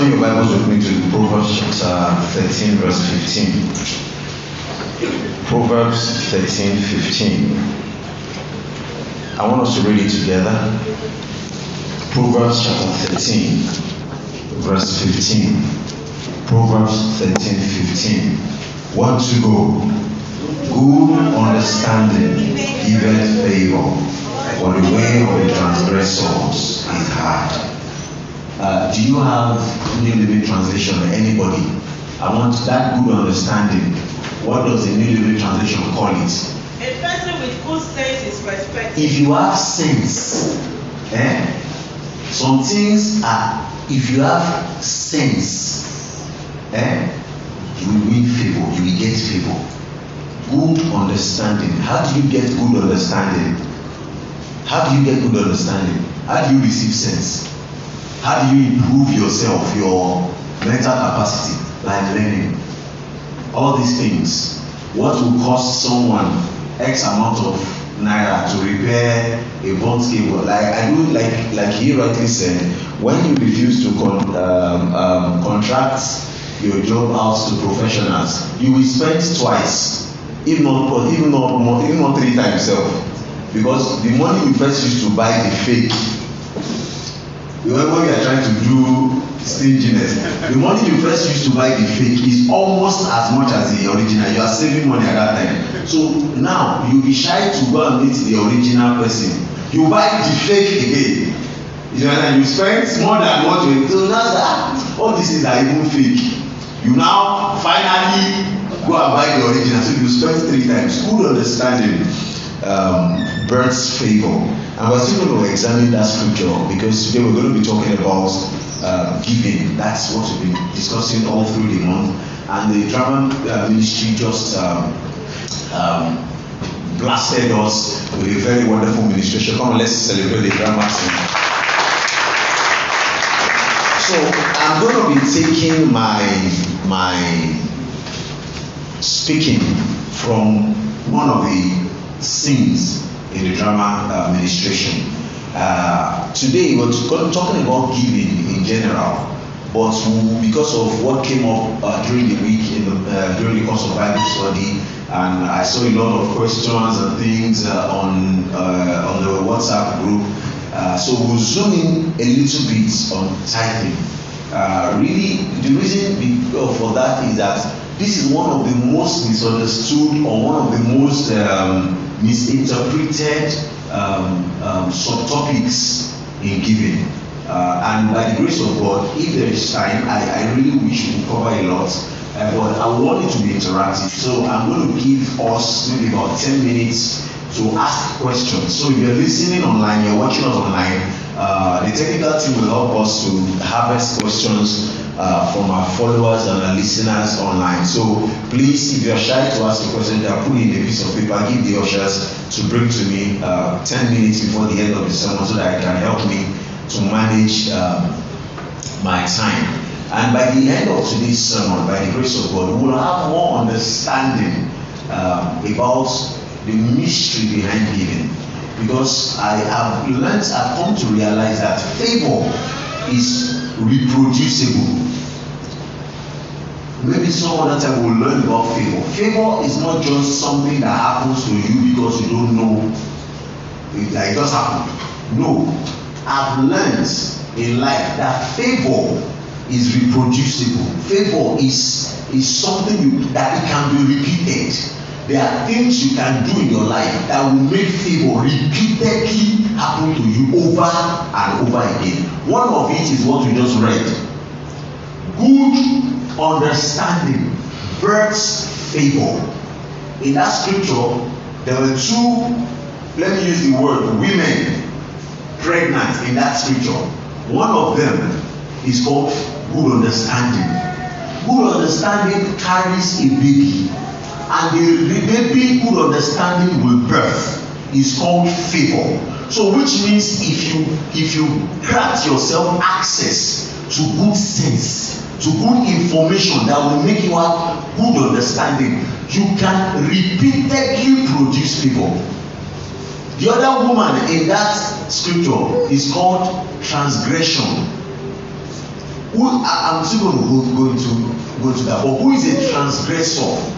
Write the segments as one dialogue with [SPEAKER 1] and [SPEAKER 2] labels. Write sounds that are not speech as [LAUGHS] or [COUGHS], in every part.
[SPEAKER 1] Turn your Bibles with me to Proverbs chapter 13, verse 15. Proverbs 13, 15. I want us to read it together. Proverbs chapter 13, verse 15. Proverbs 13, 15. What to go? Good understanding giveth favor, for the way of the transgressors is hard uh, do you have New Living Translation or anybody? I want that good understanding. What does the New Living Translation call it? A person with good sense is respected. If you have sense, eh? Some things are, if you have sense, eh? You will win favor, you will get favor. Good understanding. How do you get good understanding? How do you get good understanding? How do you receive sense? How do you improve yourself, your mental capacity, like learning? All these things. What will cost someone X amount of naira to repair a burnt cable? Like I do, like like he rightly said, when you refuse to con um, um, contract your job out to professionals, you will spend twice, if not if not more, if not three times self, because the money you first use to buy the fake Remember you are trying to do stinginess, the money you first use to buy the fake is almost as much as the original. You are saving money at that time. So now you be shy to go and meet the original person. You buy the fake again. You know, and you spend more than what you so now, that. All these things are even fake. You now finally go and buy the original. So you spend three times. Good understanding. um, Burns' favor. And we're still going to examine that scripture because today we're going to be talking about uh, giving. That's what we've been discussing all through the month. And the drama uh, ministry just um, um, blasted us with a very wonderful ministration. Come on, let's celebrate the drama scene. So I'm going to be taking my my speaking from one of the scenes in the drama uh, administration Uh, today we're talking about giving in general, but because of what came up uh, during the week, the, uh, during the course of Bible study, and I saw a lot of questions and things uh, on on the WhatsApp group. so we'll zoom in a little bit on tithing. really, the reason for that is that this is one of the most misunderstood or one of the most um, misinterpreted um, um, subtopics in giving. Uh, and by the grace of God, if there is time, I, I really wish we cover a lot. Uh, but I want it to be interactive. So I'm going to give us maybe about 10 minutes to ask questions. So if you're listening online, you're watching us online, uh, the technical team will help us to harvest questions Uh, from our followers and our listeners online. So please, if you're shy to ask a question, then put in a piece of paper, give the ushers to bring to me uh, 10 minutes before the end of the sermon so that it can help me to manage um, my time. And by the end of today's sermon, by the grace of God, we'll have more understanding um, about the mystery behind giving. Because I have learned, I've come to realize that favor is reproducible. Maybe some other time we'll learn about favor. Favor is not just something that happens to you because you don't know it, it just happened. No. I've learned in life that favor is reproducible. Favor is is something you, that it can be repeated there are things you can do in your life that will make favor repeatedly happen to you over and over again one of it is what we just read good understanding births favor. in that scripture there were two let me use the word women pregnant in that scripture one of them is called good understanding good understanding carries a baby and the baby good understanding will birth is called favour so which means if you if you grant yourself access to good sense to good information that will make you have good understanding you can repeatedly produce favour the other woman in that scripture is called transgression who i am still going to go, go into go into that but who is a transgressor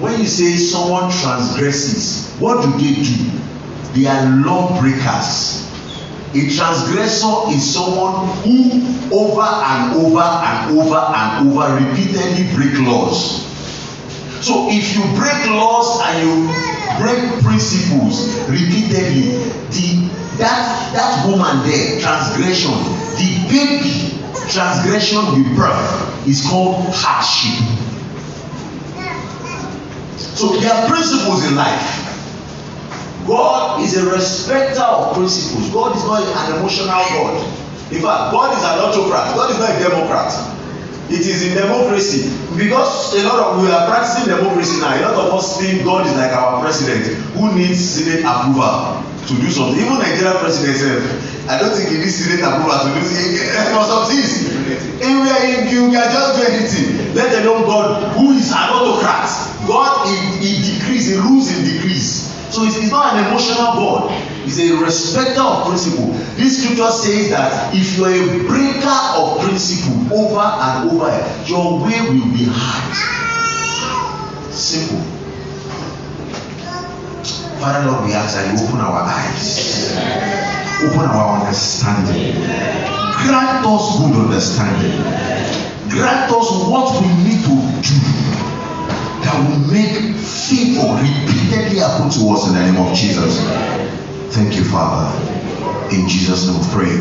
[SPEAKER 1] when you say someone transgresses what do they do they are law breakers a transgressor is someone who over and over and over and over repeatedly break laws so if you break laws and you break principles repeatedly the that that woman there transgression the big transgression with birth is called hardship So there are principles in life. God is a respecter of principles. God is not an emotional God. In fact, God is an autocrat. God is not a democrat. It is in democracy because a lot of we are practicing democracy now. A lot of us think God is like our president who needs Senate approval to do something even nigeria president sef i don't think he need senate approval to do something. for some things are in you can just do anything let alone god who is an autocrat god he he decrease he rules he decrease so it is not an emotional god he is a respecter of principle this scripture says that if you are a breaker of principle over and over your way will be hard Father Lord, we ask that you open our eyes, open our understanding, grant us good understanding, grant us what we need to do that will make favor repeatedly happen to us in the name of Jesus. Thank you, Father. In Jesus' name, we pray.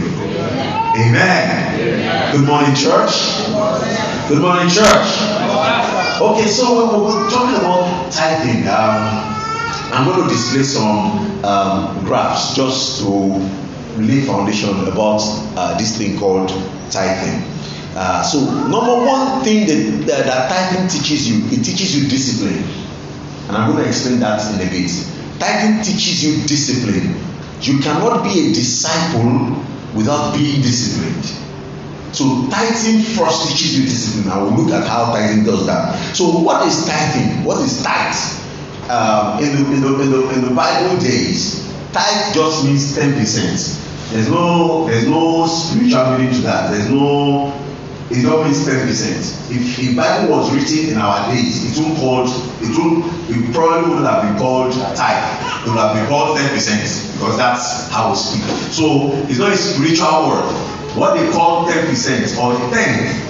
[SPEAKER 1] Amen. Good morning, church. Good morning, church. Okay, so we are talking about tithing. Um, I'm going to display some um, graphs just to lay foundation about uh, this thing called tithing. Uh, so number one thing that, that, that tithing teaches you, it teaches you discipline. And I'm going to explain that in a bit. Tithing teaches you discipline. You cannot be a disciple without being disciplined. So tithing first teaches you discipline. I will look at how tithing does that. So what is tithing? What is tithe? um, in, the, in, the, in, the, in the Bible days, tithe just means ten percent. There's no there's no spiritual meaning to that. There's no it don't mean ten percent. If the Bible was written in our days, it won't called it won't it probably would have been called tithe. It would have been called ten percent because that's how we speak. So it's not a spiritual word. What they call ten percent or tenth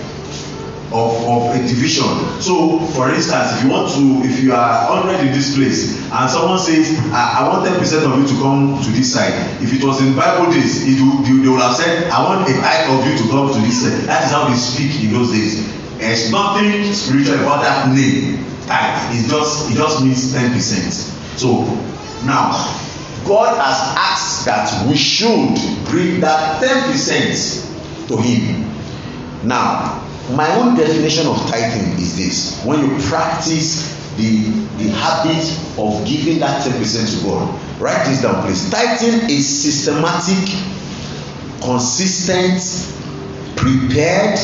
[SPEAKER 1] of of a division so for instance if you want to if you are hundred in this place and someone says i i want ten percent of you to come to this side if it was in bible days it would they would have said i want a tithe of you to come to this side that is how they speak in those days there is nothing spiritual about that name tithe it just it just means ten percent so now god has asked that we should bring that ten percent to him now my own definition of tithing is this when you practice the the habit of giving that ten percent to god write this down please tithing is systematic consistent prepared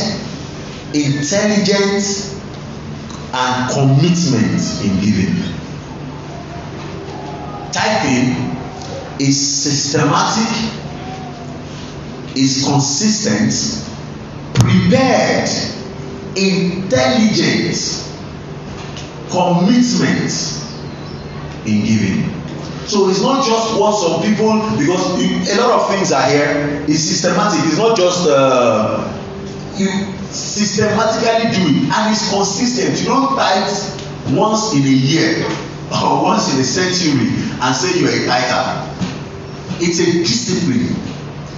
[SPEAKER 1] intelligent and commitment in giving tithing is systematic is consistent prepared intelligent commitment in giving so it's not just what some people because you, a lot of things are here it's systematic it's not just uh, you systematically do it and it's consistent you don't tithe once in a year [LAUGHS] or once in a century and say you are a tither it's a discipline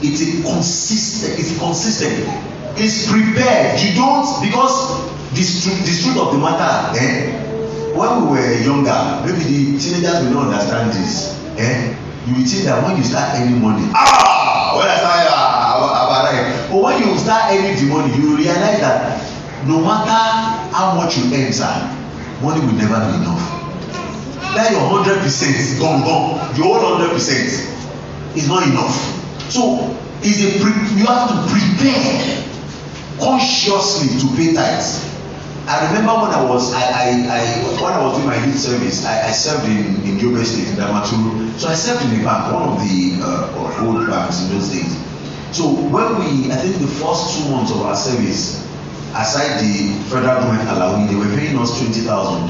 [SPEAKER 1] it's a consistent it's consistent is prepared you don't because the truth the truth of the matter eh when we were younger maybe the teenagers will not understand this eh you will think that when you start earning money ah when i start ah about ah, ah, ah, eh but when you start earning the money you realize that no matter how much you earn sir money will never be enough that your hundred percent gone gone your whole hundred percent is not enough so is a pre you have to prepare consciously to pay tithes. I remember when I was I, I, I when I was doing my youth service, I, I served in in Yobe State in Damaturu. So I served in a bank, one of the uh, old banks in those days. So when we, I think the first two months of our service, aside the federal government allowing, they were paying us twenty thousand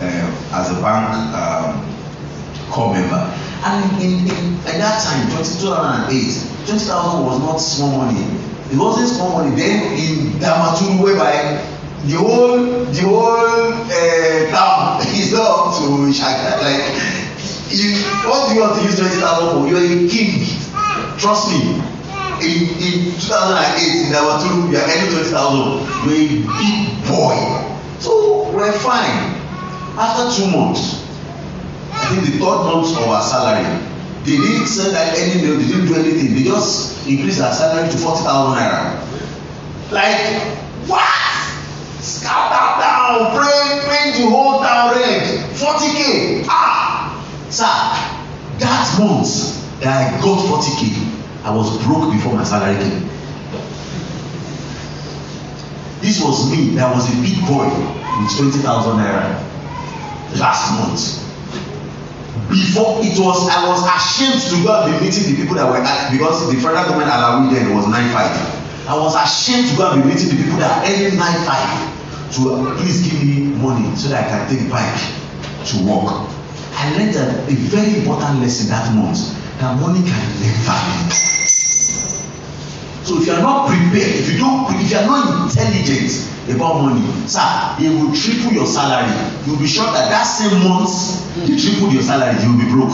[SPEAKER 1] uh, as a bank um, core member. And in, in at that time, twenty two thousand eight, twenty thousand was not small money. It wasn't small money. Then in Damaturu, whereby the whole the whole uh, town [LAUGHS] is up to Shaka. Like, if what do you want to use twenty thousand for? You are a king. Trust me. In in 2008 in Damaturu, you are getting twenty thousand. You are a big boy. So we're fine. After two months, I think the third month of our salary they didn't send out any mail they didn't do anything they just increased their salary to forty thousand naira like what scatter town, pray paint the whole town red forty k ah sir that month that i got forty k i was broke before my salary came this was me that was a big boy with twenty thousand naira last month before it was i was ashamed to go and be meeting the people that were at because the federal government alawi then was nine five i was ashamed to go and be meeting the people that are earning nine five to please give me money so that i can take bike to work i learned a, a very important lesson that month that money can never end so if you are not prepared if you don't if you are not intelligent about money sir they will triple your salary you be sure that that same month mm. they triple your salary you be broke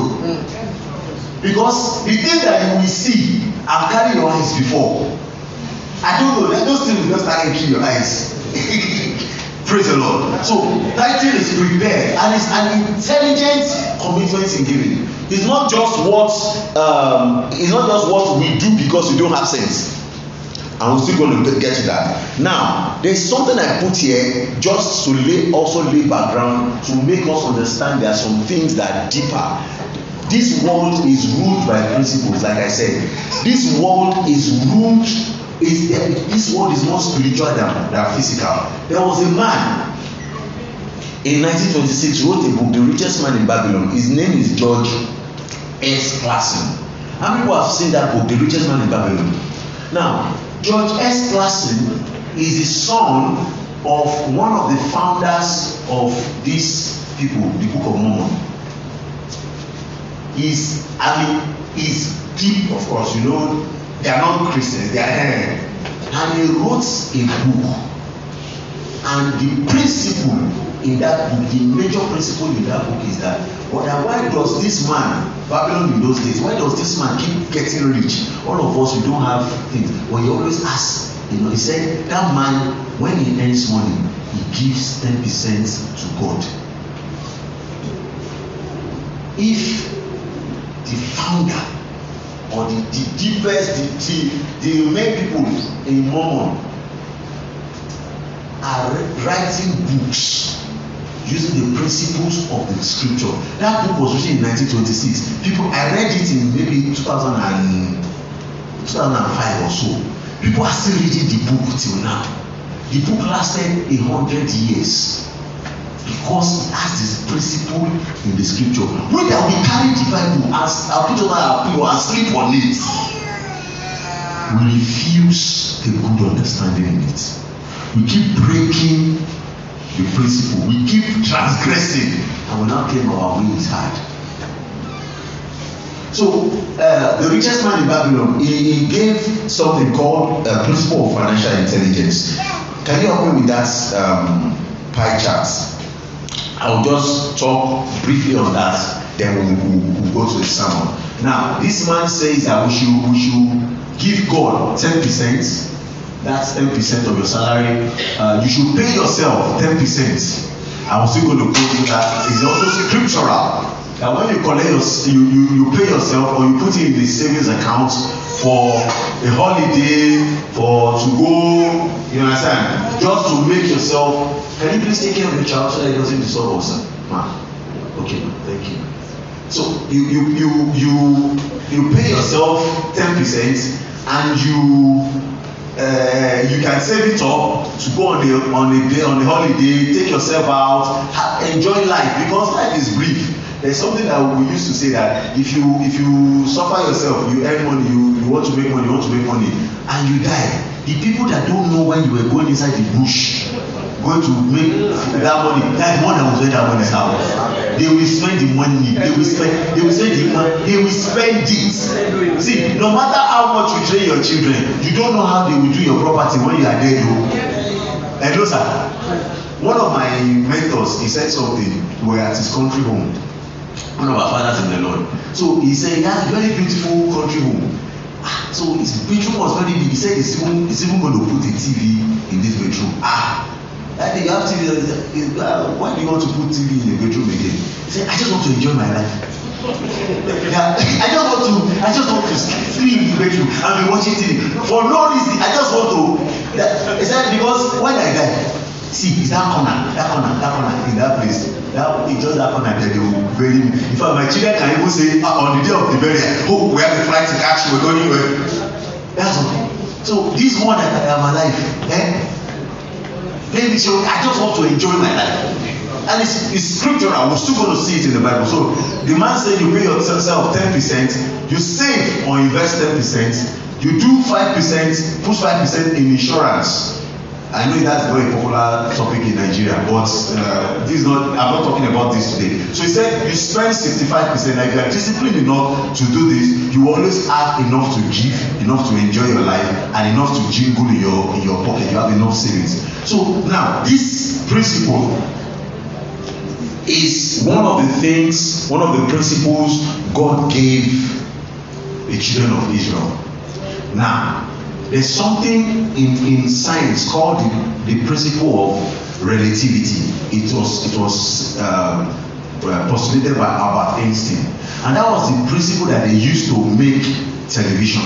[SPEAKER 1] because the thing that you will see and carry your eyes before i don't know Let those things just start entering your eyes [LAUGHS] praise the lord so tithing is prepared and it's an intelligent commitment in giving it's not just what um, it's not just what we do because we don't have sense and we're still going to get to that now there's something i put here just to lay also lay background to make us understand there are some things that deeper this world is ruled by principles like i said this world is ruled is this world is more spiritual than than physical there was a man in 1926 wrote a book the richest man in babylon his name is george s classen how many people have seen that book the richest man in babylon now George S. Clason is the son of one of the founders of this people, the Book of Mormon. He's, I mean, he's deep, of course, you know, they are not Christians, they are eh, And he wrote a book. And the principle in that the major principle in that book is that whether why does this man babylon in those days why does this man keep getting rich all of us we don't have things but he always ask you know he said that man when he earns money he gives ten percent to god if the founder or the the deepest the the the main people in mormon are writing books using the principles of the scripture that book was written in 1926 people i read it in maybe 2005 or so people are still reading the book till now the book lasted a hundred years because it has this principle in the scripture whether we carry the bible as our put on our pillow and sleep on it we refuse a good understanding in it we keep breaking the principle. We keep transgressing and we now claim our way is hard. So uh, the richest man in Babylon, he, he gave something called uh, principle of financial intelligence. Can you help me with that um, pie chart? will just talk briefly on that, then we'll, we'll, we'll go to the sermon. Now, this man says that we should, we should give God ten percent that's ten percent of your salary uh, you should pay yourself ten percent i'm still going to quote you that it's also scriptural that when you collect your you you you pay yourself or you put it in the savings account for a holiday for to go you understand just to make yourself can you please take care of your child so that he doesn't disturb us ma okay thank you so you you you you you pay yourself ten percent and you uh, you can save it up to go on a on a day on a holiday take yourself out have, enjoy life because life is brief there's something that we used to say that if you if you suffer yourself you earn money you you want to make money you want to make money and you die the people that don't know when you were going inside the bush going to make that money like more than we spend that money is they will spend the money they will spend they will spend the money they will spend it see no matter how much you train your children you don't know how they will do your property when you are dead o edo sir one of my mentors he said something we are at his country home one of our fathers in the lord so he said he has very beautiful country home ah, so his bedroom was very big he said he's even he's even going to put a tv in this bedroom ah Daddy, you have TV. Uh, why do you want to put TV in the bedroom again? He I just want to enjoy my life. [LAUGHS] yeah, I just want to, I just want to sleep in the bedroom and be watching TV for no reason. I just want to. That, he said because when I die, see, it's that corner, that corner, that corner in that place. That it's just that corner that they will bury me. In fact, my children can even say ah, on the day of the burial, oh, we have a flight to catch, we're going anywhere. That's okay. So this one that I am alive, eh? David said, I just want to enjoy my life. And it's, it's scriptural. We're still going to see it in the Bible. So the man said, You pay yourself 10%, you save or invest 10%, you do 5%, put 5% in insurance. I know that's not a popular topic in Nigeria, but uh, this is not. I'm not talking about this today. So he said, you spend 65 percent. Like you are disciplined enough to do this, you always have enough to give, enough to enjoy your life, and enough to jingle in your in your pocket. You have enough savings. So now this principle is one of the things, one of the principles God gave the children of Israel. Now There's something in, in science called the, the principle of relativity. It was, it was um, postulated by Albert Einstein. And that was the principle that they used to make television.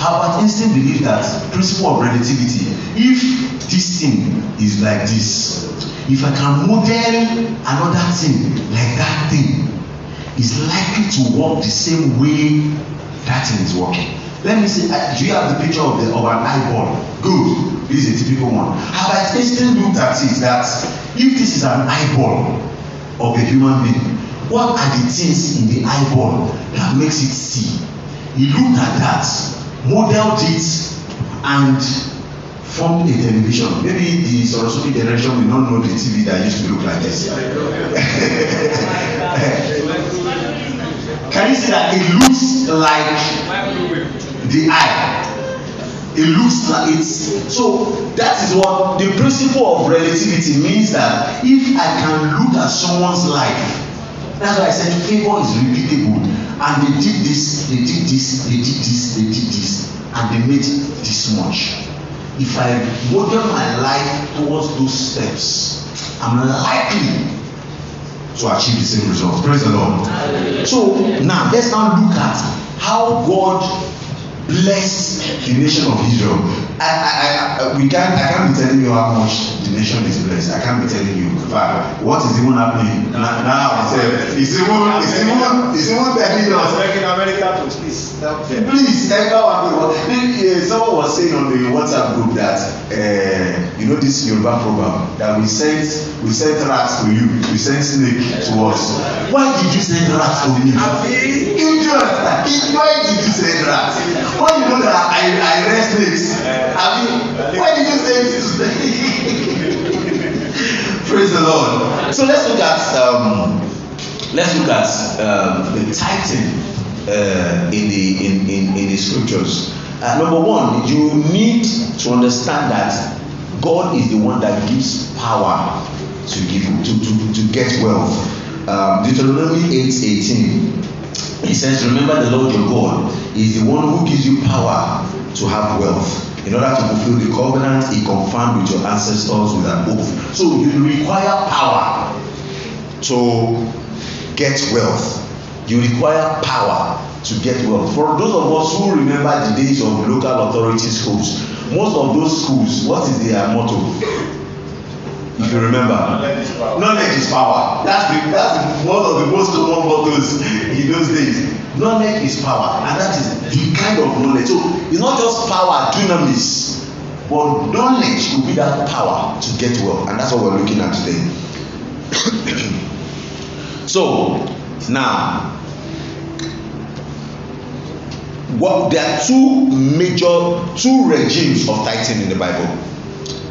[SPEAKER 1] Albert Einstein believed that principle of relativity, if this thing is like this, if I can model another thing like that thing, it's likely to work the same way that thing is working. Let me see, uh, do you have the picture of, the, of an eyeball? Good. This is a typical one. Have I instantly looked at it that if this is an eyeball of a human being, what are the things in the eyeball that makes it see? He looked at that, modeled it, and formed a television. Maybe the Sorosuki generation will not know the TV that used to look like this. [LAUGHS] Can you see that it looks like the eye it looks like it so that is what the principle of relativity means that if i can look at someone's life that's why i said favour is repeatable and they did this they did this they did this they did this and they made this much if i model my life towards those steps i'm likely to achieve the same result praise the lord so now let's now look at how god Bless the nation of Israel. I, I, I, we can't, I can't be telling you how much the nation is blessed. I can't be telling you. But what is even happening now? now it's even it's even it's even begging us. Making America to please help them. Please help our people. Someone was saying on the WhatsApp group that uh, you know this Yoruba proverb that we sent we sent rats to you, we sent snake to us. Why did you send rats to me? Idiot! Why did you send rats? Why you know that I I rest snakes? Eh, I mean, eh, why did you send snakes? [LAUGHS] Praise the Lord. So let's look at um, let's look at um, the tithing uh, in the in, in, in the scriptures. Uh, number one, you need to understand that God is the one that gives power to give to to, to get wealth. Um, Deuteronomy eight eighteen. He says, "Remember the Lord your God is the one who gives you power to have wealth." in order to fulfill the covenant he confirmed with your ancestors with an oath. So you require power to get wealth. You require power to get wealth. For those of us who remember the days of local authorities schools, most of those schools, what is their motto? if you remember knowledge is power, that's the that's the, one of the most common bottles in those days knowledge is power and that is the kind of knowledge so it's not just power dunamis but knowledge go be that power to get well and that's what we're looking at today [COUGHS] so now what there are two major two regimes of tithing in the bible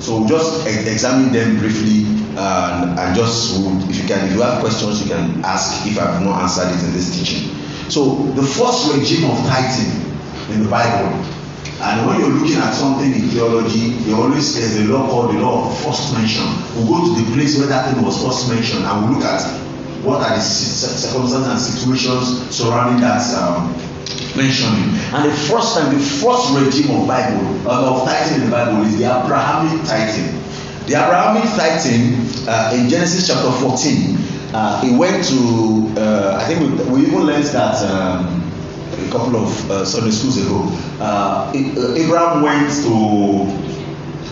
[SPEAKER 1] So we'll just e examine them briefly and, and just if you can if you have questions you can ask if I've not answered it in this teaching. So the first regime of tithing in the Bible and when you're looking at something in theology you always there's a law called the law of first mention we we'll go to the place where that thing was first mentioned and we we'll look at what are the circumstances and situations surrounding that um, mentioning. And the first time, the first regime of Bible uh, of Titan in the Bible is the Abrahamic Titan. The Abrahamic Titan uh, in Genesis chapter 14, uh, it went to, uh, I think we, we even learned that um, a couple of uh, Sunday schools ago. Uh, uh Abraham went to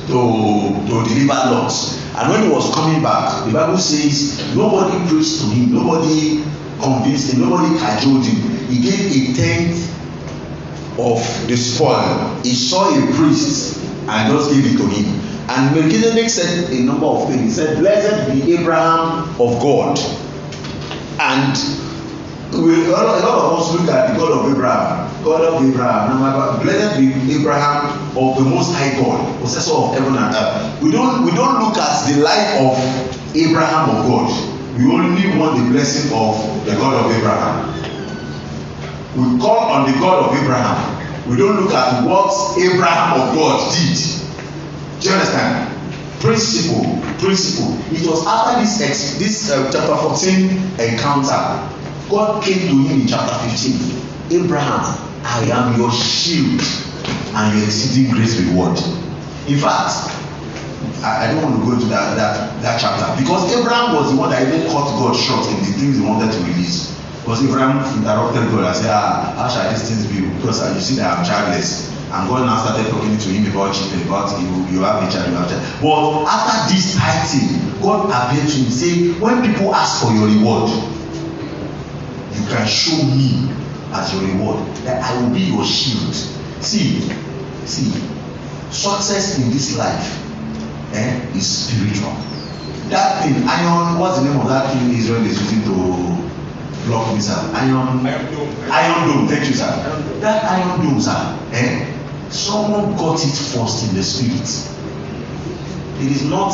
[SPEAKER 1] to to deliver lots. and when he was coming back, the Bible says nobody preached to him, nobody convinced him nobody cajoled him he gave a tenth of the spoil he saw a priest and just gave it to him and melchizedek said a number of things he said blessed be abraham of god and we a lot, of us look at the god of abraham god of abraham and blessed be abraham of the most high god possessor of heaven and earth we don we don look at the life of abraham of god we only want the blessing of the God of Abraham. We call on the God of Abraham. We don't look at what Abraham of God did. Do you understand? Principle, principle. It was after this ex this uh, chapter fourteen encounter, God came to him in chapter fifteen. Abraham, I am your shield and your exceeding great reward. In fact, I, I don't want to go into that that that chapter because Abraham was the one that even cut God short in the things he wanted to release because Abraham interrupted God and said ah how shall these things be because uh, you see that I'm childless and God now started talking to him about children about you you have a child you have a child but after this fighting, God appeared to him say when people ask for your reward you can show me as your reward that I will be your shield see see success in this life eh, is spiritual. That thing, iron, what's the name of that thing Israel is using to block me, Iron, iron dome. Iron dome, thank you, sir. Iron dome. That iron dome, sir, eh, someone got it first in the spirit. It is not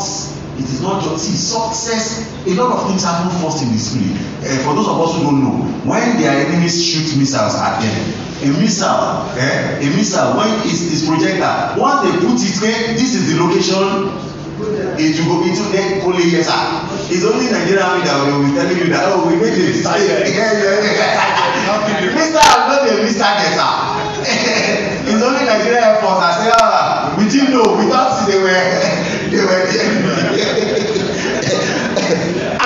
[SPEAKER 1] it is not just see success a lot of things happen first in the spirit uh, for those of us who don't know when their enemies shoot missiles at them a missile eh, a missile when it is projector once they put it there this is the location it go into neck eh, kole yesa it's only nigeria army that will be telling you that oh we make this. mistake missile no dey miss target ah it's only nigeria air force say, ah, we didn't know we thought they were. [LAUGHS] they were there.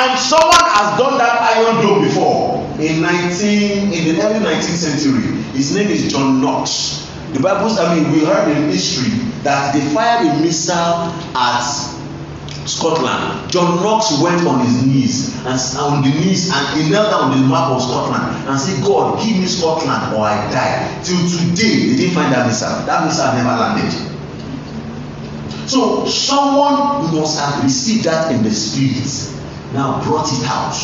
[SPEAKER 1] and someone has done that iron dome before in 19 in the early 19th century. His name is John Knox. The Bible, I mean, we heard in history that they fired a missile at Scotland. John Knox went on his knees and on the knees and he knelt down on the map of Scotland and said, God, give me Scotland or I die. Till today, they didn't find that missile. That missile never landed. So someone must have received that in the spirit, now brought it out.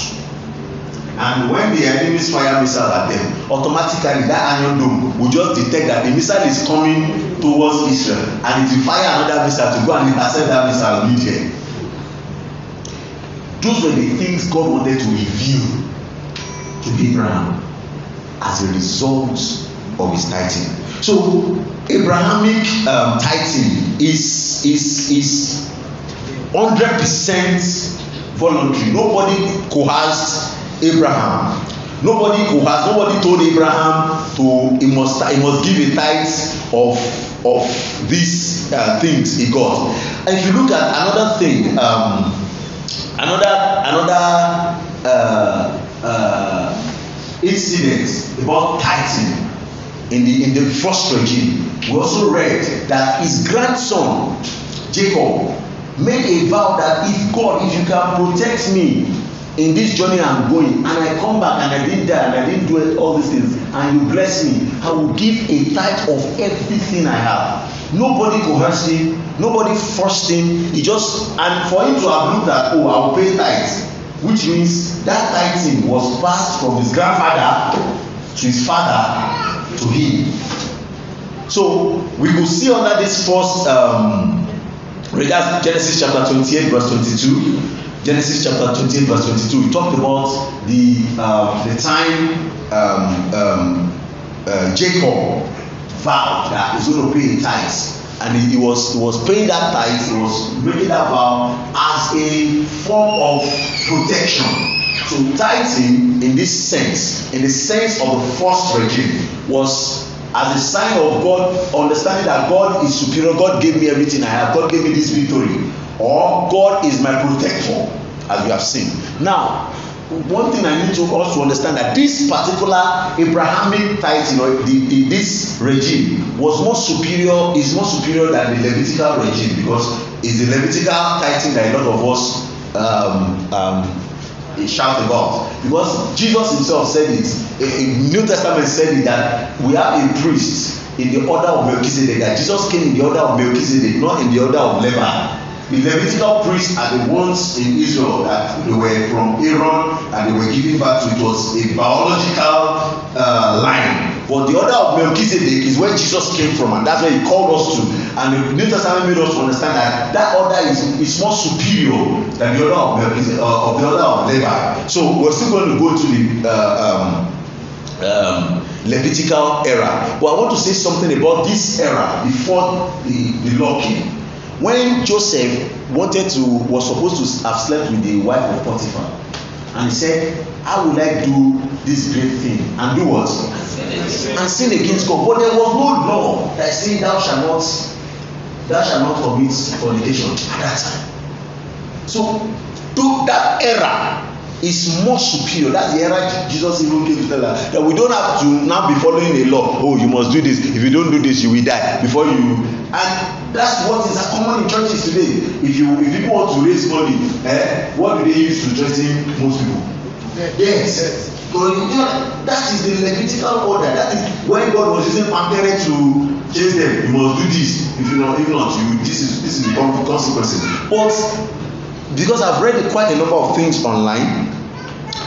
[SPEAKER 1] And when the enemy's fire missile at them, automatically that iron dome will just detect that the missile is coming towards Israel and it will fire another missile to go and intercept that missile immediately. Those were the things God wanted to reveal to Abraham as a result of his tithing. So Abrahamic um, tithing is is is hundred percent voluntary. Nobody coerced Abraham. Nobody coerced. Nobody told Abraham to he must he must give a tithe of of these uh, things he got. And if you look at another thing, um, another another uh, uh, incident about tithing in the in the first regime we also read that his grandson jacob made a vow that if god if you can protect me in this journey i'm going and i come back and i didn't die and i didn't do all these things and you bless me i will give a tithe of everything i have nobody coerced him nobody forced him he just and for him to have looked at oh i will pay tithe which means that tithe was passed from his grandfather to his father to him so we go see under this first um, regards genesis chapter twenty-eight verse twenty-two genesis chapter twenty-eight verse twenty-two we talked about the uh, the time um, um, uh, jacob vowed that he's going to pay in tithes and he, he was he was paying that tithe he was making that vow as a form of protection So tithing in this sense, in the sense of the first regime, was as a sign of God, understanding that God is superior, God gave me everything I have, God gave me this victory, or God is my protector, as we have seen. Now, one thing I need to us to understand that this particular Abrahamic tithing or the, the, this regime was more superior is more superior than the Levitical regime because it's the Levitical tithing that a lot of us um, um, a shout about because jesus himself said it a a new testament said it that we have a priest in the order of melchizedek that jesus came in the order of melchizedek not in the order of lebanon the levitical priests are the ones in israel that they were from aaron and they were given birth to it was a biological uh, line But the order of Melchizedek is where Jesus came from, and that's where he called us to. And the New Testament made us understand that that order is, is more superior than the order of Melchizedek, uh, of the order of Levi. So we're still going to go to the uh, um, um, Levitical era. But I want to say something about this era before the, the law came. When Joseph wanted to was supposed to have slept with the wife of Potiphar and said, How would I do this great thing? And do what? And sin against God. But there was no law that said, Thou shalt not, thou shalt not commit fornication at that time. So, to that era, is more superior that's the era jesus even gave to tell us that we don't have to now be following a law oh you must do this if you don't do this you will die before you and that's what is common in churches today if you if people want to raise money eh what do they use to threaten most people yes, but you know that is the levitical order that is when god was using pampere to chase them you must do this if you not if not you this is this is the consequences but because I've read quite a number of things online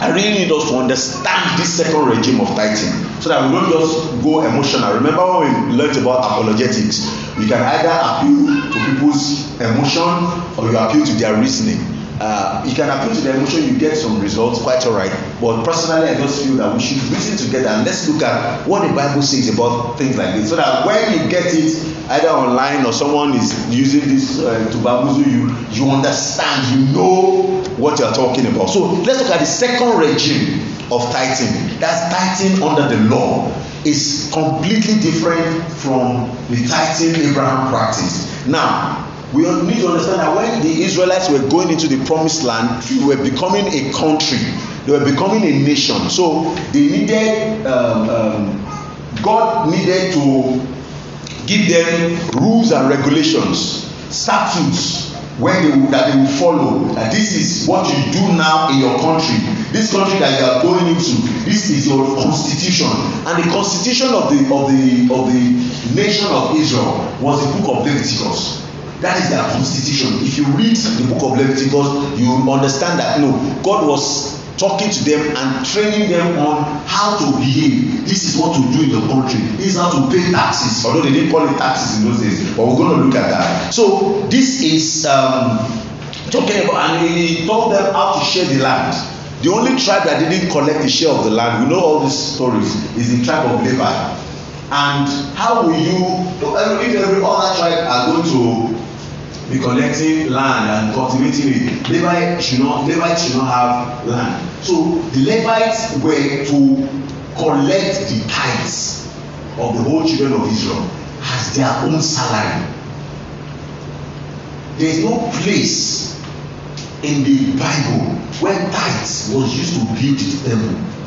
[SPEAKER 1] I really need us to understand this second regime of tithing so that we don't just go emotional. Remember when we learned about apologetics? You can either appeal to people's emotion or you appeal to their reasoning uh, you can appeal to the emotion you get some results quite alright but personally I just feel that we should reason together and let's look at what the bible says about things like this so that when you get it either online or someone is using this uh, to bamboozle you you understand you know what you are talking about so let's look at the second regime of tithing that's tithing under the law is completely different from the tithing abraham practice now we need to understand that when the israelites were going into the promised land they were becoming a country they were becoming a nation so they needed um, um, god needed to give them rules and regulations statutes when they will, that they will follow that this is what you do now in your country this country that you are going into this is your constitution and the constitution of the of the of the nation of israel was the book of leviticus That is their constitution. If you read the book of Leviticus, you understand that no, God was talking to them and training them on how to behave. This is what to do in your country. This is how to pay taxes. Although they didn't call it taxes in those days, but we're going to look at that. So this is um, talking about, and he taught them how to share the land. The only tribe that didn't collect a share of the land, we know all these stories, is the tribe of Levi. And how will you, if every other tribe are going to be collecting land and cultivating it Levite should not Levite should not have land so the Levites were to collect the tithes of the whole children of Israel as their own salary there is no place in the Bible where tithes was used to build the temple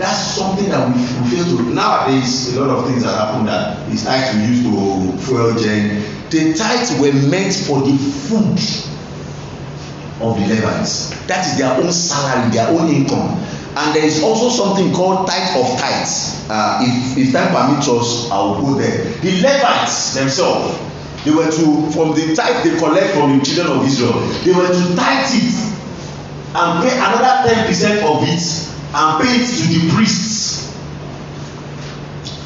[SPEAKER 1] that's something that we fail to nowadays a lot of things that happen that is tight we use to fuel gen the tithe were meant for the food of the levites that is their own salary their own income and there is also something called tithe of tithes. uh, if if time permit us i will go there the levites themselves they were to from the tithe they collect from the children of israel they were to tithe it and pay another ten percent of it and pay it to the priests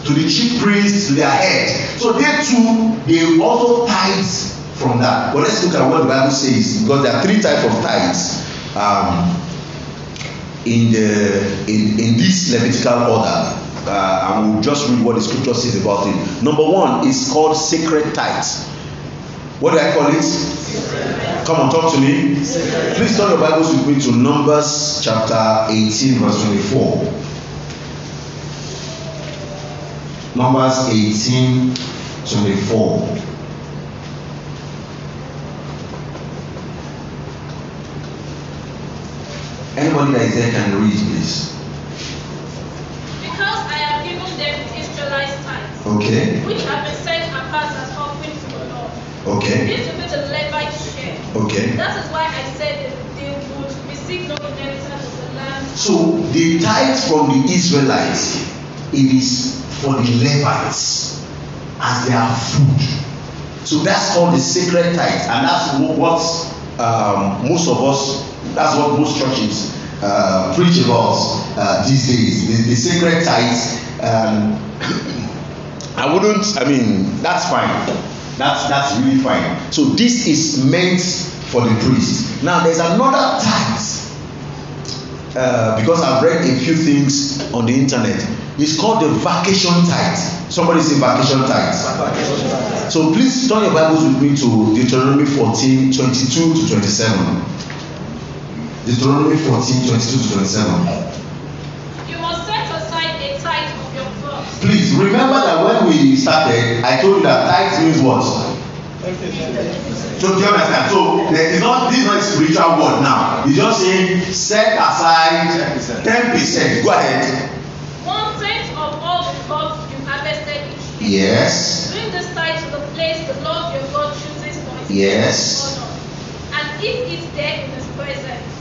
[SPEAKER 1] to the chief priests to their head so they too they also tithe from that but let's look at what the bible says because there are three types of tithes um, in the in in this levitical order uh, and we'll just read what the scripture says about it number one is called sacred tithe what do i call it Come and talk to me. Please turn your Bibles with me to Numbers chapter 18, verse 24. Numbers 18, 24. Anybody that is there can read, please. Because
[SPEAKER 2] I have given them Israelite times, okay. which have been set apart as offering Okay. Okay. That is why I said they would
[SPEAKER 1] receive no inheritance of the land. So the tithe from the Israelites, it is for the Levites as their food. So that's called the sacred tithe, and that's what um, most of us. That's what most churches uh, preach about uh, these days. The, the sacred tithe. Um, [COUGHS] I wouldn't. I mean, that's fine that's that's really fine so this is meant for the priest now there's another tithe uh, because i've read a few things on the internet it's called the vacation tithe somebody say vacation tithe so please turn your bibles with me to deuteronomy fourteen twenty-two to twenty-seven deuteronomy fourteen twenty-two to twenty-seven. you must set aside a tithe of your crops. please remember that when we started I told you that tithe means what so do you understand so there is not this is not spiritual word now he just say set aside ten percent go ahead.
[SPEAKER 2] one tenth of all the crops you harvested each year. yes. bring the tithe to the place the Lord your God chooses for his yes. honor and eat it there in his presence.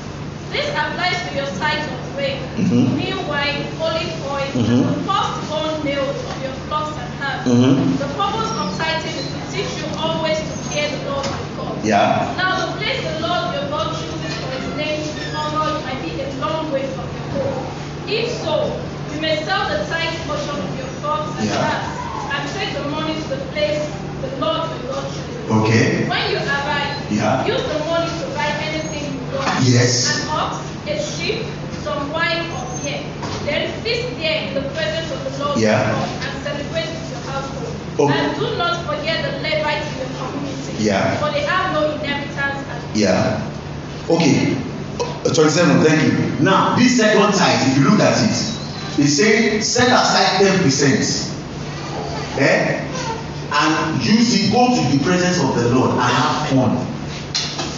[SPEAKER 2] This applies to your tithe of grain, mm -hmm. new wine, olive oil, mm -hmm. and the firstborn male of lost and harmed. Mm-hmm. The purpose of tithing is to teach you always to fear the Lord my God. Yeah. Now, the place the Lord your God chooses for his name to be honored might be a long way from your home. If so, you may sell the tithe portion of your thoughts and yeah. and take the money to the place the Lord your God chooses. Okay. When you arrive, yeah. use the money to buy anything you want. Yes. An ox, a sheep, some wine or beer. Then feast there in the presence of the Lord yeah. God and celebrate with your household. Okay. Oh. And do not forget the Levites in the community, yeah. for they have no inheritance.
[SPEAKER 1] at Yeah. Okay. Twenty-seven. Thank you. Now, this second tithe, if you look at it, it says set aside ten percent. Eh? and use it go to the presence of the lord and have fun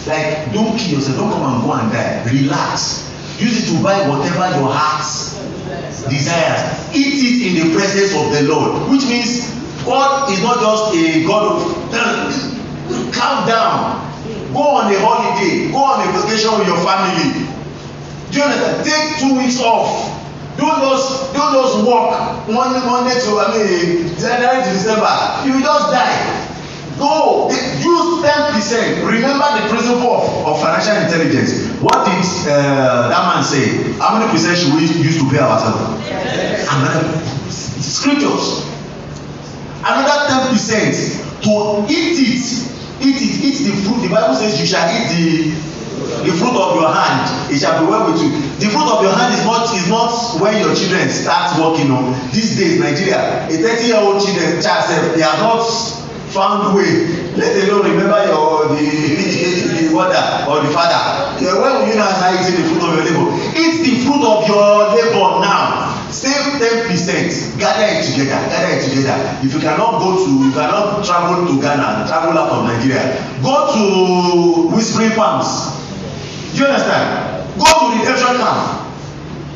[SPEAKER 1] like don't kill yourself don't come and go and die relax Use it to buy whatever your heart desires. Eat it in the presence of the Lord, which means God is not just a God of calm down. Go on a holiday. Go on a vacation with your family. Do you understand? Take two weeks off. Don't just don't just work Monday Monday to I mean January to December. You will just die. Go use ten percent. Remember the principle of, financial intelligence. What did uh, that man say? How many percent should we use to pay our Yes. Another scriptures. Another ten percent to eat it. Eat it. Eat the fruit. The Bible says you shall eat the the fruit of your hand it shall be well with you the fruit of your hand is not is not when your children start working on these days nigeria a thirty year old children child sef they are not found way let alone remember your the the the mother or the father when will you now start eating the fruit of your labour eat the fruit of your labour now save ten percent gather it together gather it together if you cannot go to you cannot travel to ghana travel out of nigeria go to whispering palms do you understand go to the redemption camp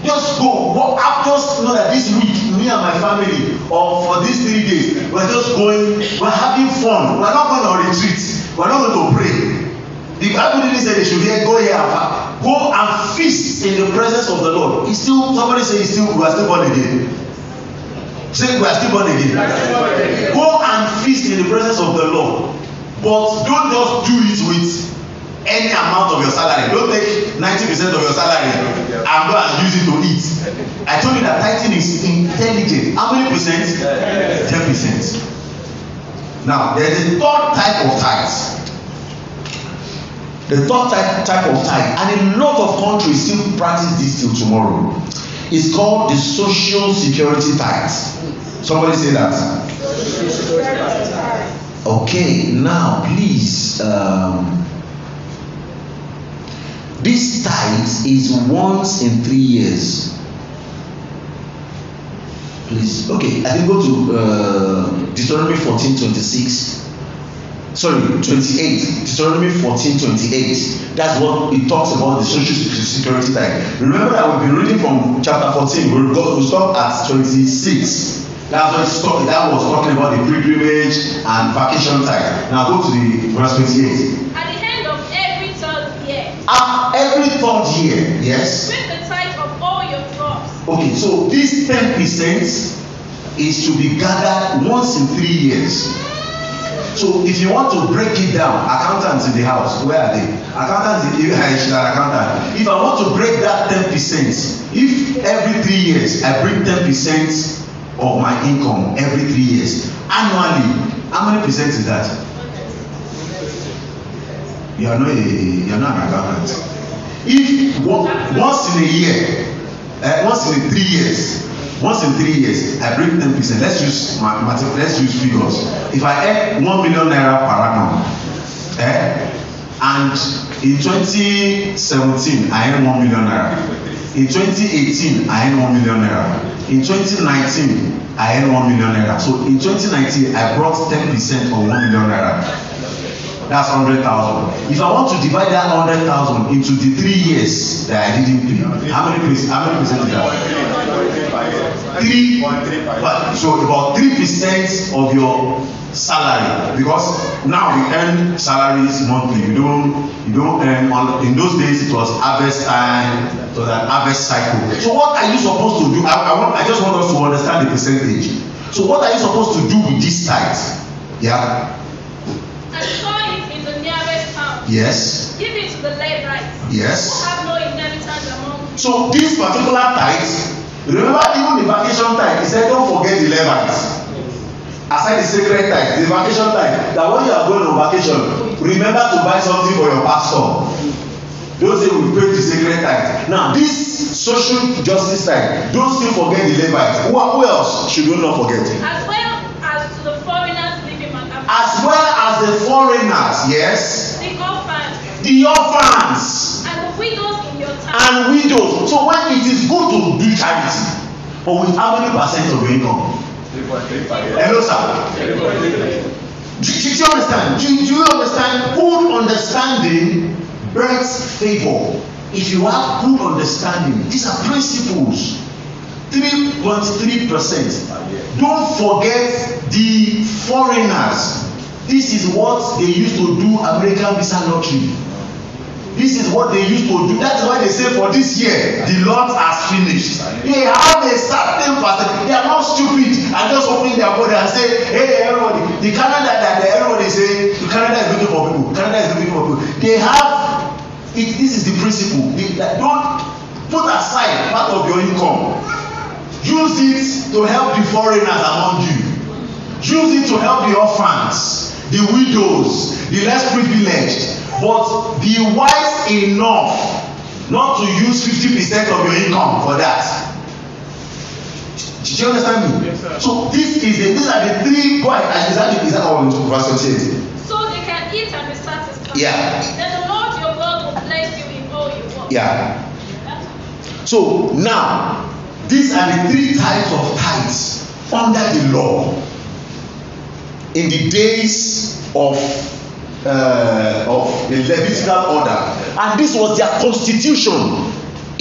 [SPEAKER 1] just go walk up just know that this week me and my family or for these three days we are just going we are having fun we are not going on retreat we are not going to pray the bible really say they should hear go here and go and feast in the presence of the lord he still somebody say he still we are still born again say we are still born again go and feast in the presence of the lord but don't just do it with any amount of your salary don't take ninety percent of your salary and go and use it to eat i told you that tithing is intelligent how many percent ten percent now there is a third type of tithe the third type type of tithe and a lot of countries still practice this till tomorrow it's called the social security tithe somebody say that okay now please. Um, This tithe is once in three years. Please. Okay, I think go to uh, Deuteronomy 14 26. Sorry, 28. Deuteronomy 14 28. That's what it talks about the social security tithe. Remember, I will be reading from chapter 14. We go, we'll stop at 26. That's what stop, that was talking about the pre pilgrimage and vacation tithe. Now go to the verse 28 up every third year. Yes. With the tithe of all your crops. Okay, so this ten percent is to be gathered once in three years. So if you want to break it down, accountants in the house, where are they? Accountants in the house, accountant. If I want to break that ten percent, if every three years I bring ten percent of my income every three years, annually, how many percent is that? you are not a you are not an accountant if once in a year uh, once in three years once in three years i bring ten percent let's use mathematics let's use figures if i earn one million naira per annum eh and in twenty seventeen i earn one million naira in twenty eighteen i earn one million naira in twenty nineteen i earn one million naira so in twenty nineteen i brought ten percent of one million naira That's hundred thousand. If I want to divide that hundred thousand into the three years that I didn't pay, how many percent, how many percent is that? Three, so about three percent of your salary because now we earn salaries monthly you don't you don't earn on in those days it was harvest time it was an harvest cycle so what are you supposed to do i i want i just want us to understand the percentage so what are you supposed to do with this tithe yeah. Yes.
[SPEAKER 2] Give it to the Levites. Yes. Who have no inheritance among.
[SPEAKER 1] So this particular tithe, remember even the vacation tithe, he said don't forget the Levites. Aside the sacred tithe, the vacation tithe, that when you are going on vacation, remember to buy something for your pastor. Don't say we pay the sacred tithe. Now this social justice tithe, don't still forget the Levites. Who, who else should you not forget? As well as to the foreigners living among. us. As well as the foreigners, yes. The the orphans
[SPEAKER 2] and widows
[SPEAKER 1] in your town. and widows so when it is good to do charity but with how many percent of your income hello sir do, do you understand do, do you understand good understanding birth favour if you have good understanding these are principles three point three percent don't forget the foreigners this is what they used to do american visa lottery This is what they used to do. That is why they say for this year, the Lord has finished. They have a certain pattern. They are not stupid and just opening their body and say, hey, everybody, the Canada that everybody say, the Canada is looking for people. Canada is looking for people. They have, it, this is the principle. They, like, don't put aside part of your income. Use it to help the foreigners among you. Use it to help the orphans, the widows, the less privileged but be wise enough not to use fifty percent of your income for that did you understand me yes, sir. so this is the these are the three points I is that the is our verse twenty eight.
[SPEAKER 2] so they can eat and be satisfied. yeah. then the lord your god will bless you in all you
[SPEAKER 1] want. yeah. so now these are the three types of tithes under the law in the days of uh, of a Levitical order, and this was their constitution.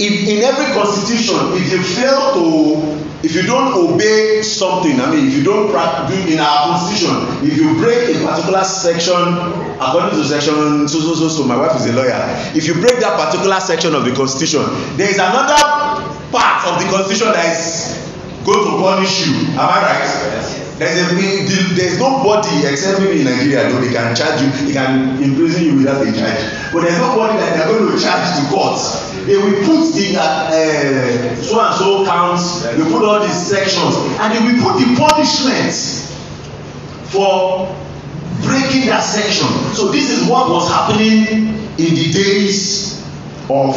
[SPEAKER 1] If in every constitution, if you fail to if you don't obey something i mean if you don't do in our constitution if you break a particular section according to section so so so so my wife is a lawyer if you break that particular section of the constitution there is another part of the constitution that is going to punish you am i right yes there's a there's nobody except maybe in nigeria though they can charge you they can imprison you without a charge but there's nobody like they're going to charge to court they will put the uh, uh so and so counts they put all these sections and they will put the punishment for breaking that section so this is what was happening in the days of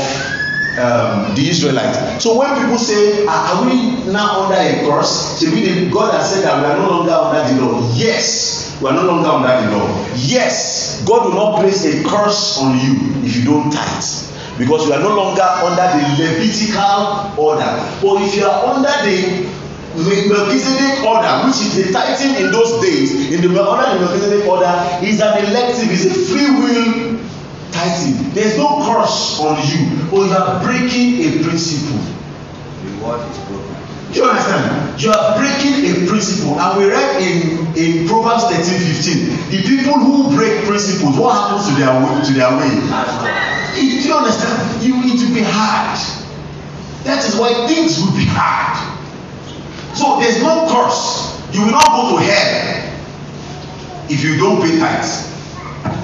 [SPEAKER 1] um, the Israelites. So when people say, ah, are, we now under a curse? The God has said that we are no longer under the law. Yes, we are no longer under the law. Yes, God will not place a curse on you if you don't tithe because you are no longer under the levitical order but if you are under the melchizedek order which is the tithing in those days in the under the melchizedek order is an elective is a free will tithing there's no curse on you but you are breaking a principle. The word is broken. do you understand you are breaking a principle and we read in in proverbs thirteen fifteen the people who break principles what happens to their way to their way. do you understand you need to be hard that is why things will be hard so there's no curse you will not go to hell if you don't pay tithes.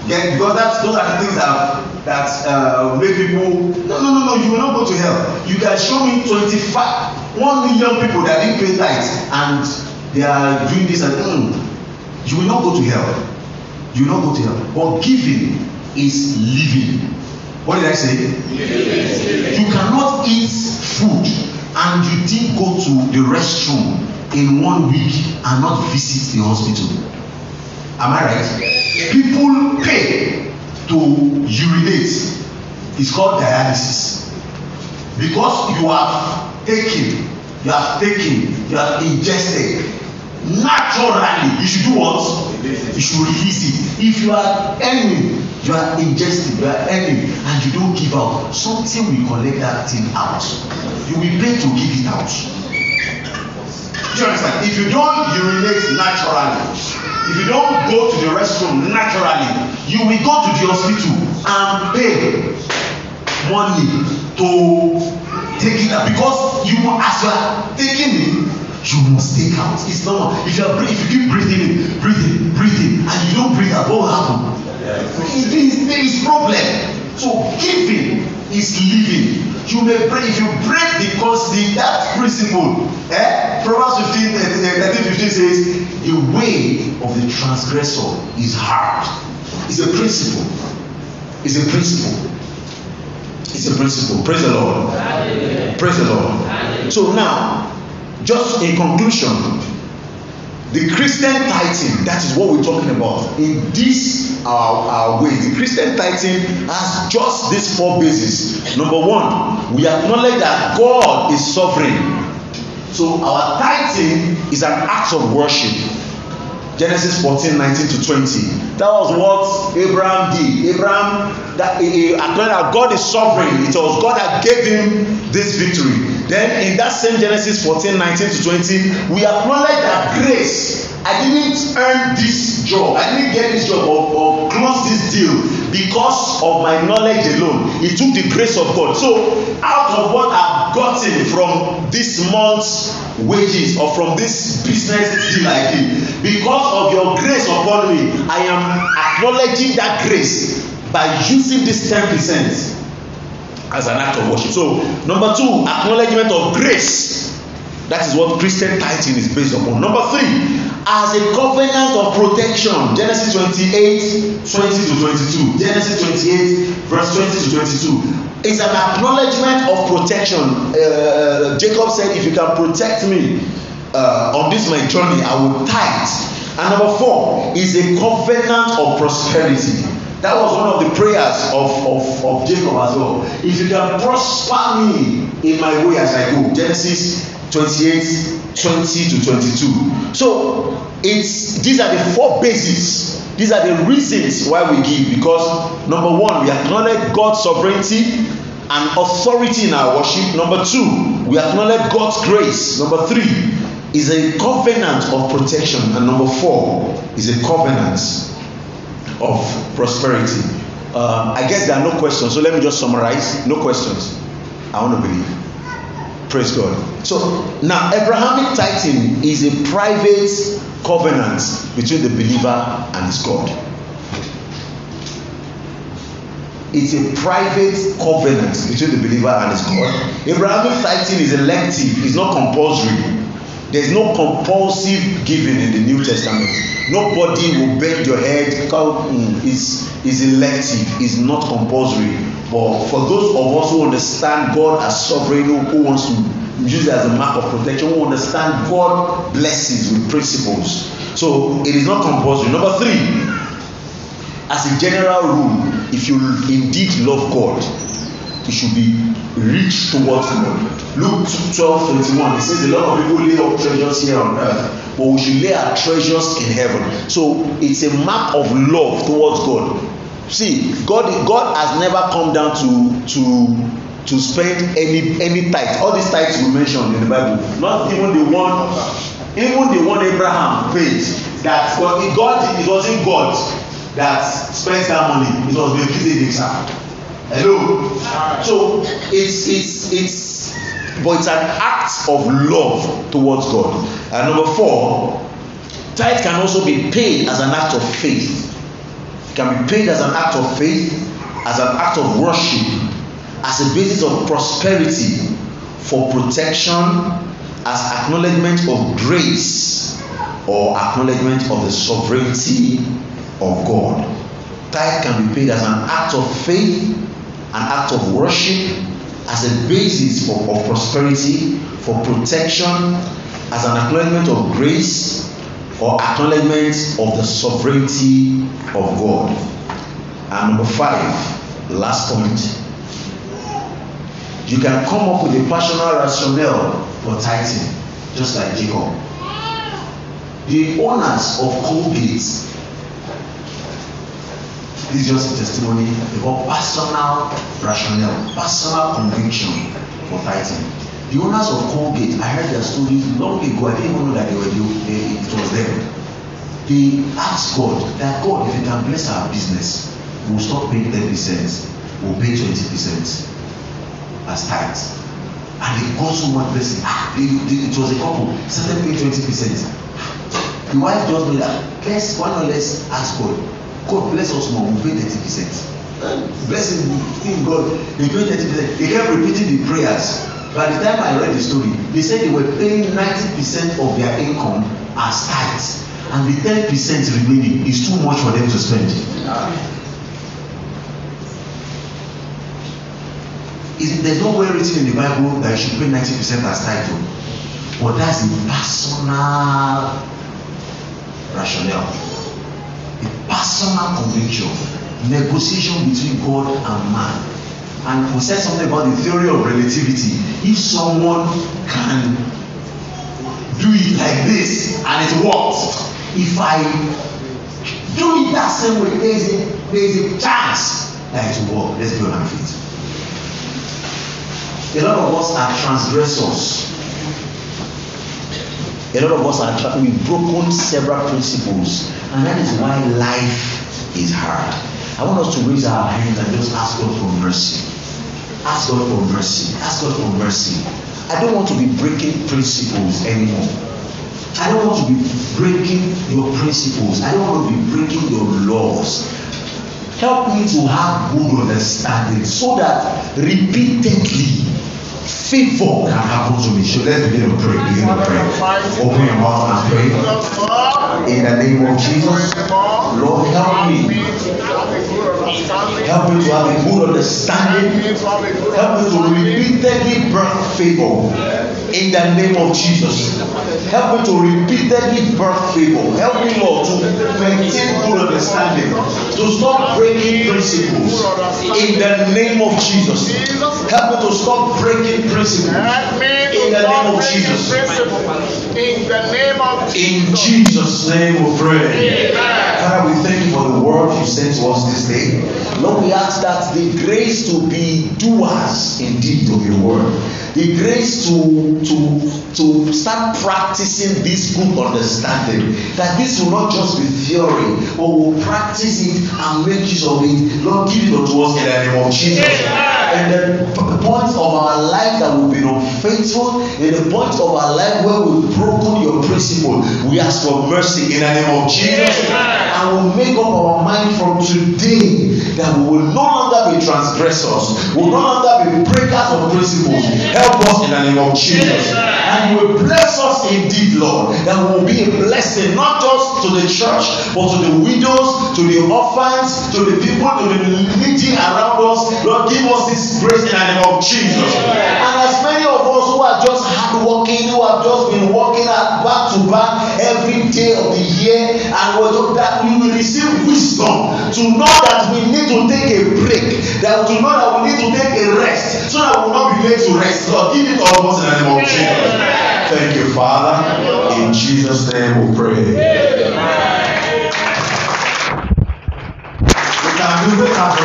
[SPEAKER 1] Yeah, because that's those are the things that that uh, make people no no no no you will not go to hell. You can show me twenty-five one million people that didn't pay tithe and they are doing this and mm, you will not go to hell. You will not go to hell. But giving is living. What did I say? You cannot eat food and you didn't go to the restroom in one week and not visit the hospital. Am I right? People pay to urinate. It's called dialysis. Because you have taken, you have taken, you have ingested naturally. You should do what? You should release it. If you are earning, you are ingesting, you are earning, and you don't give out, something will collect that thing out. You will pay to give it out. Do you understand? If you don't urinate naturally, If you don't go to the restroom naturally, you will go to the hospital and pay money to take it out because you as you are taking it, you must take out. It's normal. If you are if you keep breathing in, breathing, breathing, and you don't breathe out, what will happen? Yes. It is there is problem. So giving is living. You may pray if you pray because the that principle, eh? Proverbs 15, 13, 15 says, the way of the transgressor is hard. It's a principle. It's a principle. It's a principle. Praise the Lord. Praise the Lord. So now, just in conclusion, the christian tithing that is what we're talking about in this our our way the christian tithing has just these four bases number one we acknowledge that god is sovereign so our tithing is an act of worship genesis fourteen nineteen to twenty that was what abraham did abraham that he acknowledged that God is sovereign it was God that gave him this victory then in that same Genesis fourteen nineteen to twenty we acknowledge that grace I didn't earn this job I didn't get this job or or close this deal because of my knowledge alone it took the grace of God so out of what I've gotten from this month's wages or from this business deal I did because of your grace upon me I am acknowledging that grace by using this ten percent as an act of worship so number two acknowledgement of grace that is what christian tithing is based upon number three as a covenant of protection genesis twenty-eight twenty to twenty-two genesis twenty-eight verse twenty to twenty-two is an acknowledgement of protection uh, jacob said if you can protect me uh, on this my journey i will tithe and number four is a covenant of prosperity That was one of the prayers of, of, of Jacob as well. If you can prosper me in my way as I go. Genesis twenty eight twenty to twenty two. So it's these are the four bases. These are the reasons why we give because number one, we acknowledge God's sovereignty and authority in our worship. Number two, we acknowledge God's grace. Number three, is a covenant of protection. And number four is a covenant of prosperity. Um, I guess there are no questions, so let me just summarize. No questions. I want to believe. Praise God. So now, Abrahamic tithing is a private covenant between the believer and his God. It's a private covenant between the believer and his God. Abrahamic tithing is elective, it's not compulsory there's no compulsive giving in the new testament nobody will bend your head mm, is is elective is not compulsory but for those of us who understand god as sovereign who, who wants to use it as a mark of protection who understand god blesses with principles so it is not compulsory number three as a general rule if you indeed love god He should be rich towards God. Luke 12 21, It says, A lot of people lay up treasures here on earth, but we should lay our treasures in heaven. So it's a mark of love towards God. See, God, God has never come down to, to to spend any any tithe all these tithes we mentioned in the bible not even the one even the one abraham paid that but god it wasn't god that spent that money it was melchizedek sir hello so it's it's it's but it's an act of love towards God and number four tithe can also be paid as an act of faith it can be paid as an act of faith as an act of worship as a basis of prosperity for protection as acknowledgement of grace or acknowledgement of the sovereignty of God tithe can be paid as an act of faith an act of worship as a basis for, for prosperity, for protection, as an acknowledgement of grace, or acknowledgement of the sovereignty of God. And number five, last point. You can come up with a personal rationale for tithing, just like Jacob. The owners of Colgate This is just a testimony about personal rationale, personal conviction for fighting. The owners of Colgate, I heard their story long ago. I didn't even know that they were new. It was them. They asked God that God, if you can bless our business, we'll stop paying 10 percent, we'll pay 20 percent as tithes. And they got so much blessing. Ah, they, they, it was a couple. Certain paid 20 percent. The wife just made that. let one or less ask God. God bless us more, we pay 30%. Blessing in God, they pay 30%. They kept repeating the prayers. By the time I read the story, they said they were paying 90% of their income as tithe, and the 10% remaining is too much for them to spend. Is, there's nowhere written in the Bible that you should pay 90% as tithe, but that's the personal rationale personal conviction negotiation between God and man and we said something about the theory of relativity if someone can do it like this and it works if I do it that same way there is a there is a chance that it will work let's be on our feet a lot of us are transgressors a lot of us are tra we broken several principles And that is why life is hard. I want us to raise our hands and just ask God for mercy. Ask God for mercy. Ask God for mercy. I don't want to be breaking principles anymore. I don't want to be breaking your principles. I don't want to be breaking your laws. Help me to have good understanding so that repeatedly favor can happen to me. So let's begin to pray. Begin to pray. Open your mouth and pray. In the name of Jesus, Lord, help me. Help me to have a good understanding. Help me to repeatedly birth favor. In the name of Jesus, help me to repeatedly birth favor. Help me, Lord, to maintain good understanding, to stop breaking principles. In the name of Jesus, help me to stop breaking principles. In the name of Jesus. In the name of In Jesus name we pray. Amen. Father, we thank you for the word you sent to us this day. Lord, we ask that the grace to be doers indeed of your word, the grace to, to, to start practicing this good understanding, that this will not just be theory, but we'll practice it and make use of it. Lord, give it unto us in the name of Jesus. And the points of our life that we've been unfaithful, in the points of our life where we've broken your principle, we ask for mercy in the name of Jesus and we make up our mind from today that we will no longer be transgressors, we will no longer be breakers of principles. Help us in the name of Jesus. And you will bless us indeed, Lord, that we will be a blessing not just to the church, but to the widows, to the orphans, to the people, to the needy around us. Lord, give us this grace in the name of Jesus. And as many of those who are just hardworking, who have just been working at back to back every day of the year, and was, that we will receive wisdom to know that we need to take a break, that to know that we need to take a rest, so that we will not be late to rest. Lord, give it all of us in the name of Jesus. Thank you, Father. In Jesus' name we pray.
[SPEAKER 2] We can do it